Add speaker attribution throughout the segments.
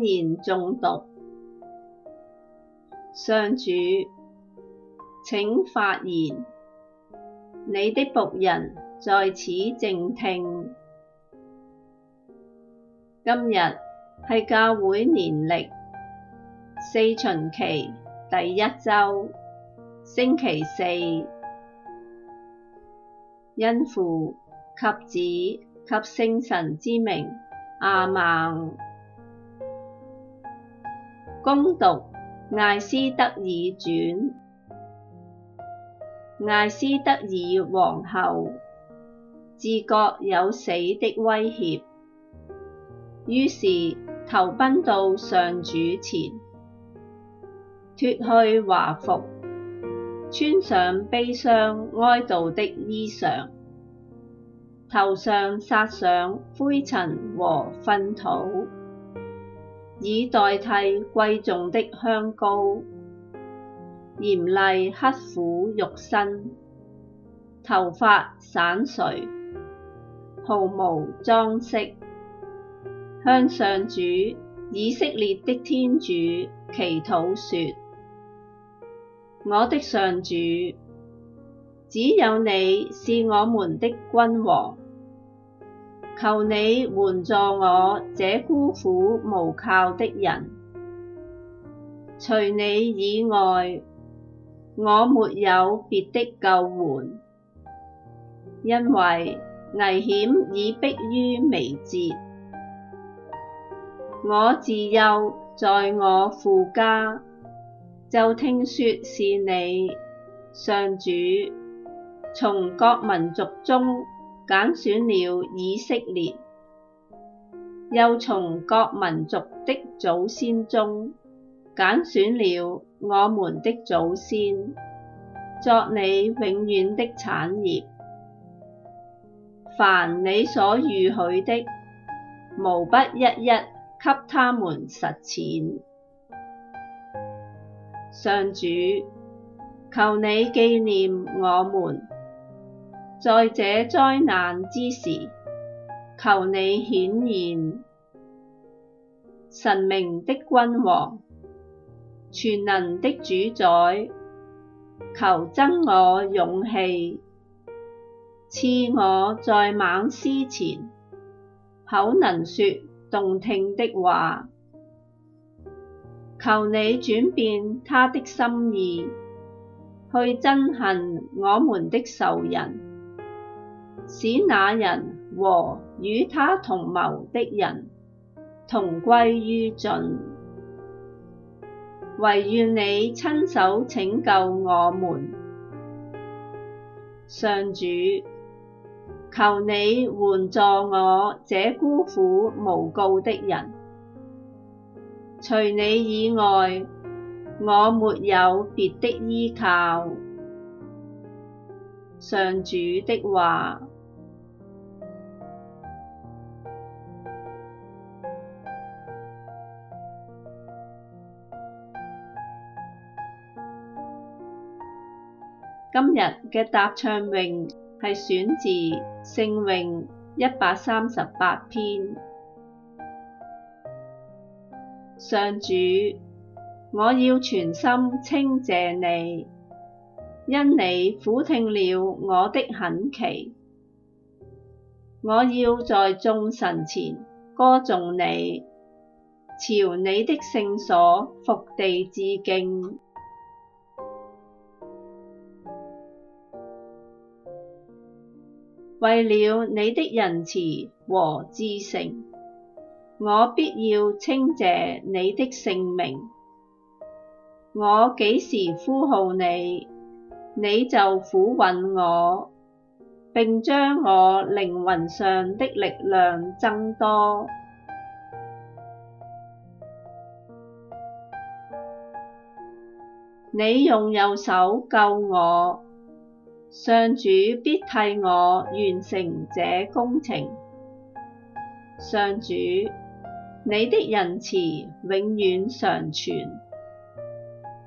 Speaker 1: 年中毒，上主，請發言，你的僕人在此靜聽。今日係教會年曆四旬期第一周，星期四，因父及子及聖神之名，阿孟。恭讀艾斯德爾傳，艾斯德爾王后，自覺有死的威脅，於是投奔到上主前，脫去華服，穿上悲傷哀悼的衣裳，頭上撒上灰塵和糞土。以代替貴重的香膏，嚴厲刻苦肉身，頭髮散垂，毫無裝飾。向上主以色列的天主祈禱說：我的上主，只有你是我們的君王。求你援助我這孤苦無靠的人，除你以外，我沒有別的救援，因為危險已迫於眉睫。我自幼在我父家，就聽說是你上主，從各民族中。揀選了以色列，又從各民族的祖先中揀選了我們的祖先，作你永遠的產業。凡你所預許的，無不一一給他們實踐。上主，求你記念我們。在這災難之時，求你顯現，神明的君王，全能的主宰，求增我勇氣，賜我在猛獅前，口能説動聽的話，求你轉變他的心意，去憎恨我們的仇人。使那人和與他同謀的人，同歸於盡，惟願你親手拯救我們！上主，求你援助我這孤苦無告的人，除你以外，我沒有別的依靠。上主的話。今日嘅答唱詠係選自聖詠一百三十八篇。上主，我要全心稱謝你，因你俯聽了我的懇祈。我要在眾神前歌頌你，朝你的聖所伏地致敬。為了你的仁慈和至誠，我必要稱謝你的聖名。我幾時呼號你，你就俯允我，並將我靈魂上的力量增多。你用右手救我。上主必替我完成這工程，上主，你的仁慈永遠常存，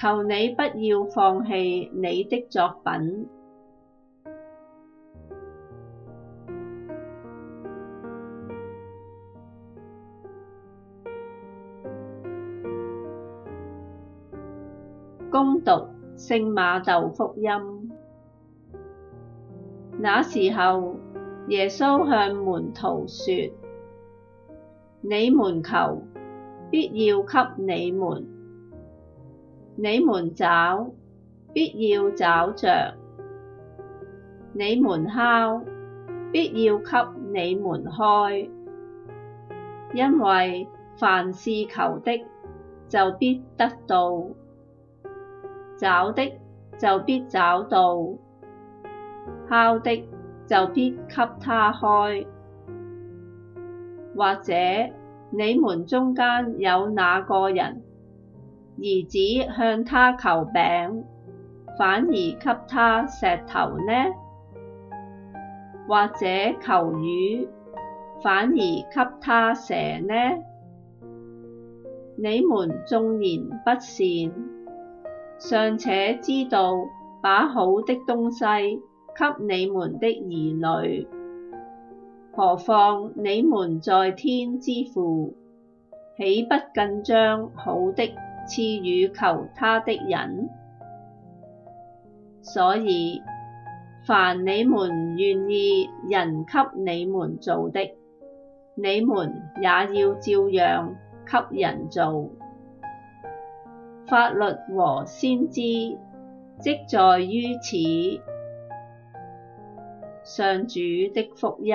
Speaker 1: 求你不要放棄你的作品。恭讀聖瑪竇福音。那時候，耶穌向門徒說：你們求，必要給你們；你們找，必要找著；你們敲，必要給你們開。因為凡是求的，就必得到；找的，就必找到。敲的，就必給他開，或者你們中間有哪個人，那個人兒子向他求餅，反而給他石頭呢？或者求魚，反而給他蛇呢？你們縱然不善，尚且知道把好的東西，給你們的兒女，何況你們在天之父，豈不更將好的賜與求他的人？所以，凡你們願意人給你們做的，你們也要照樣給人做。法律和先知即在於此。上主的福音。